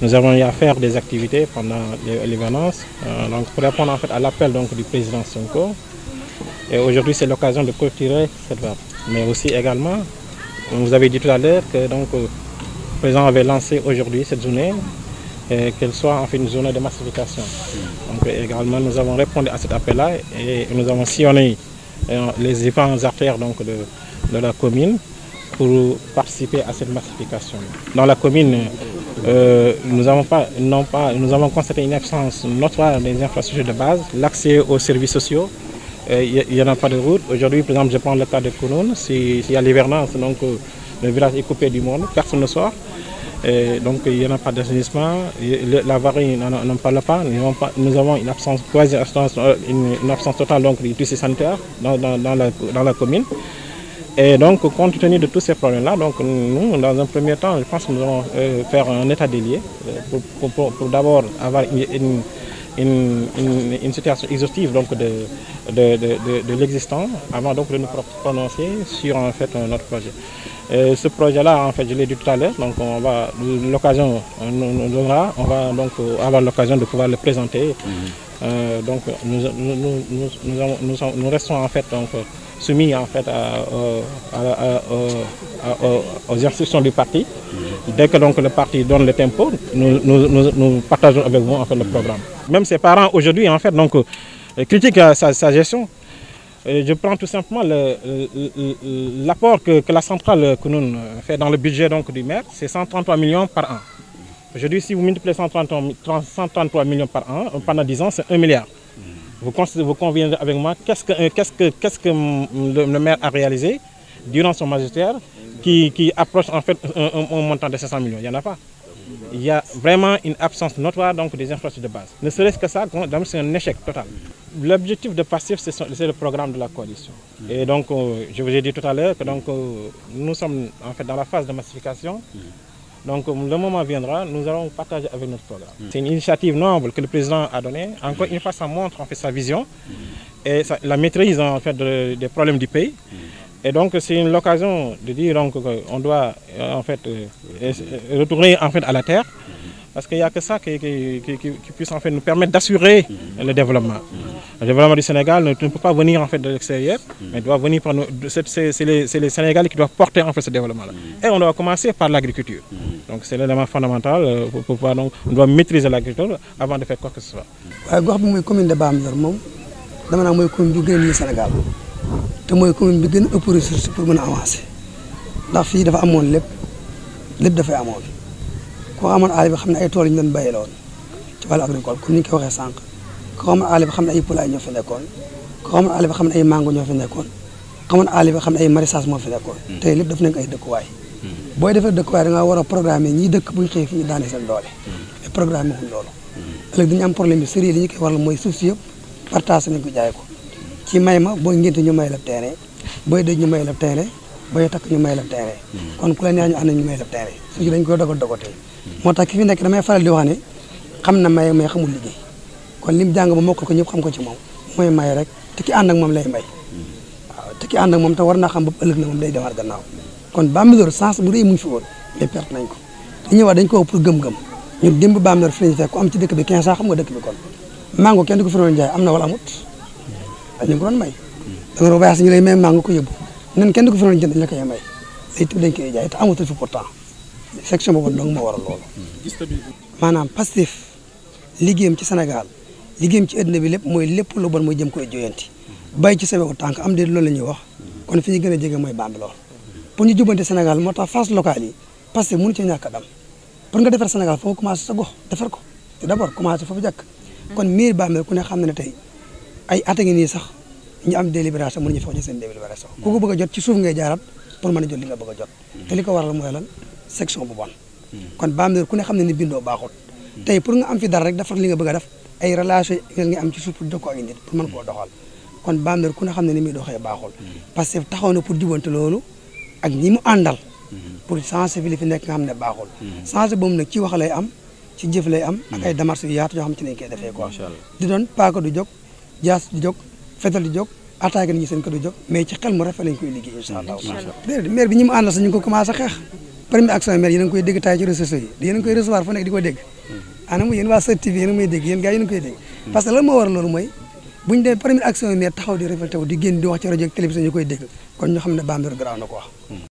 Nous avons eu à faire des activités pendant l'événement euh, donc pour répondre en fait à l'appel donc du président Sonko. Et aujourd'hui, c'est l'occasion de clôturer cette vague. Mais aussi également, vous avez dit tout à l'heure que donc euh, le président avait lancé aujourd'hui cette journée et qu'elle soit en fait une journée de massification. Donc également, nous avons répondu à cet appel-là et nous avons sillonné euh, les différents artères donc, de, de la commune pour participer à cette massification. Dans la commune, euh, nous, avons pas, non pas, nous avons constaté une absence notoire des infrastructures de base, l'accès aux services sociaux. Euh, il n'y en a pas de route. Aujourd'hui, par exemple, je prends l'état de Kounoun. S'il y a l'hivernance, donc euh, le village est coupé du monde, personne ne sort. donc il n'y en a pas d'assainissement, la varie n'en parle pas. Nous avons une absence, une, absence totale donc, du sanitaire dans, la, dans la commune. Et donc, compte tenu de tous ces problèmes-là, donc nous, dans un premier temps, je pense que nous allons euh, faire un état des lieux euh, pour, d'abord avoir une, situation exhaustive donc, de, de, l'existant avant donc, de nous prononcer sur en fait, notre projet. Euh, ce projet-là, en fait, je l'ai dit tout à l'heure, donc on va l'occasion nous, donnera, on va donc avoir l'occasion de pouvoir le présenter. Mmh. Euh, donc nous, nous, restons en fait donc, soumis en fait à, aux instructions du parti. Mhm. Dès que donc, le parti donne le tempo, nous, partageons avec vous le programme. Même ses parents aujourd'hui en fait donc, euh, critiquent euh, sa, gestion je prends tout simplement l'apport que, la centrale Kounoun fait dans le budget donc, du maire, c'est 133 millions par an. Aujourd'hui, si vous multipliez 133 millions par an, euh, pendant 10 ans, c'est 1 milliard. Vous, conviendrez avec moi, qu'est-ce que, euh, mm, le, maire a réalisé durant son magistère qui, approche en fait un, montant de 500 millions Il n'y en a pas. Il y a vraiment une absence notoire donc, des infrastructures de base. Ne serait-ce que ça, c'est un échec total. L'objectif de PASSIF, c'est le programme de la coalition. Et donc, euh, je vous ai dit tout à l'heure que donc, nous sommes en fait dans la phase de massification. Donc le moment viendra, nous allons partager avec notre programme. C'est une initiative noble que le président a donnée. Encore une fois, ça montre en fait sa vision et la maîtrise en fait des problèmes du pays. Et donc c'est l'occasion de dire qu'on doit euh, en fait euh, euh, retourner en fait à la terre parce qu'il n'y a que ça qui, puisse en fait nous permettre d'assurer le développement. Le développement du Sénégal ne, ne peut pas venir en fait de l'extérieur, mm. mais doit venir par nous. C'est les, les, Sénégalais qui doivent porter en fait ce développement-là. Mm. Et on doit commencer par l'agriculture. Mm. Donc c'est l'élément fondamental euh, pour pouvoir donc on doit maîtriser l'agriculture avant de faire quoi que ce soit. waaye gox bi commune de Bambilor moom dama naa commune du gën Je suis Sénégal te commune bi gën a ëpp pour mën a avancer ndax fii dafa de lépp lépp dafay amoon ko de àll bi xam ne ay de yi ñu doon béyaloon ci de agricole comme ni ñu ku xamoon àll bi xam ne ay pulaay ñoo fi nekkoon ku xamoon àll bi xam ne ay mango ñoo fi nekkoon xamoon àll bi xam ne ay maraîchage moo fi nekkoon hmm. tey lépp def nañ ko ay dëkkuwaay hmm. booy defee dëkkuwaay da ngaa war a programmer ñiy dëkk buñ xëy fi ñu daane seen doole mais hmm. programme wuñ loolu ëllëg dañu am problème bi sérieux li ñu koy mooy suuf si yëpp ko jaay ko ci may ma booy ngénte ñu may la terrain booy dëj ñu may la terrain booy takk ñu may la terrain kon ku la neex ñu ànd ñu may la terrain suuf si dañ koy dogal dogatee moo tax ki fi nekk damay faral di wax ne xam na may may xamul liggéey kon lim jàng ba mokkal ko ñëpp xam ko ci moom mooy may rek te ki ànd ak moom lay may waaw te ki ànd ak moom te war naa xam ba ëllëg na moom day demaat gannaaw kon Bambilor sens bu rëy mu ngi fi woon mais perte nañ ko li ñëwaat dañ ko pour gëm-gëm ñun démb Bambilor fi lañ fekk ku am ci dëkk bi 15 ans xam nga dëkk bi kon kenn du ko fi doon jaay am na wala amut dañ ko doon may da nga doon voyage ñu lay may mango ko yóbbu kenn du ko fi doon jënd dañ la koy may léegi tamit dañ koy jaay te amatul fi pourtant section boobu dong moo waral loolu maanaam Pastef liggéeyam ci Sénégal li gëm ci àddina bi lépp mooy lépp lu bon mooy jëm koy joyanti bàyyi ci sawewu tànk am de loolu la ñuy wax kon fi ñu gën jege mooy Bambilor pour ñu jubante Sénégal moo tax phase locale yi parce que mënu ci ñàkk a dam pour nga defar Sénégal commencé sa gox defar ko te d'abord commencé foofu jàkk kon mairie Bambilor ku ne xam na ne tey ay a ngi sax ñu am délibération mënuñu seen délibération ku ko bëgg a jot suuf ngay jaarat pour mën a jot li nga bëgg a jot te li ko waral mooy lan section kon ku ne xam ne ni bindoo baaxul tey pour nga am fi dara rek defar li nga bëgg def ay relation yi nga am ci surtout dëkkoo ak nit pour mën koo doxal kon Bambilor ku ne xam ne ni muy doxee baaxul mm-hmm. parce que taxaw na pour jubante loolu ak ñi mu àndal mm-hmm. pour sensibiliser fi nekk nga xam ne baaxul mm-hmm. changé boobu nag ci wax lay am ci jëf lay am ak ay démarches yu yaatu yoo xam ci nañ koy defee quoi di doon paaka du jóg jaas du jóg fetal du jóg attaqué nañu seen kër du jóg mais ci xel mu rafet lañ koy liggéey incha allah déedéet maire bi ñi mu àndal sax ñu ngi ko commencé xeex première action maire yéen a ngi koy dégg tay ci réseaux yi yéen a ngi koy recevoir fu nekk di ko dégg anam yéen waa Sen TV yéen a may dégg yéen gars yi ñu koy dégg parce que moo waral loolu mooy bu ñu demee première action ne taxaw di révolté wu di génn di wax ci rajo ak télévision koy dégg kon ñu xam ne Bambilor garaaw na ko wax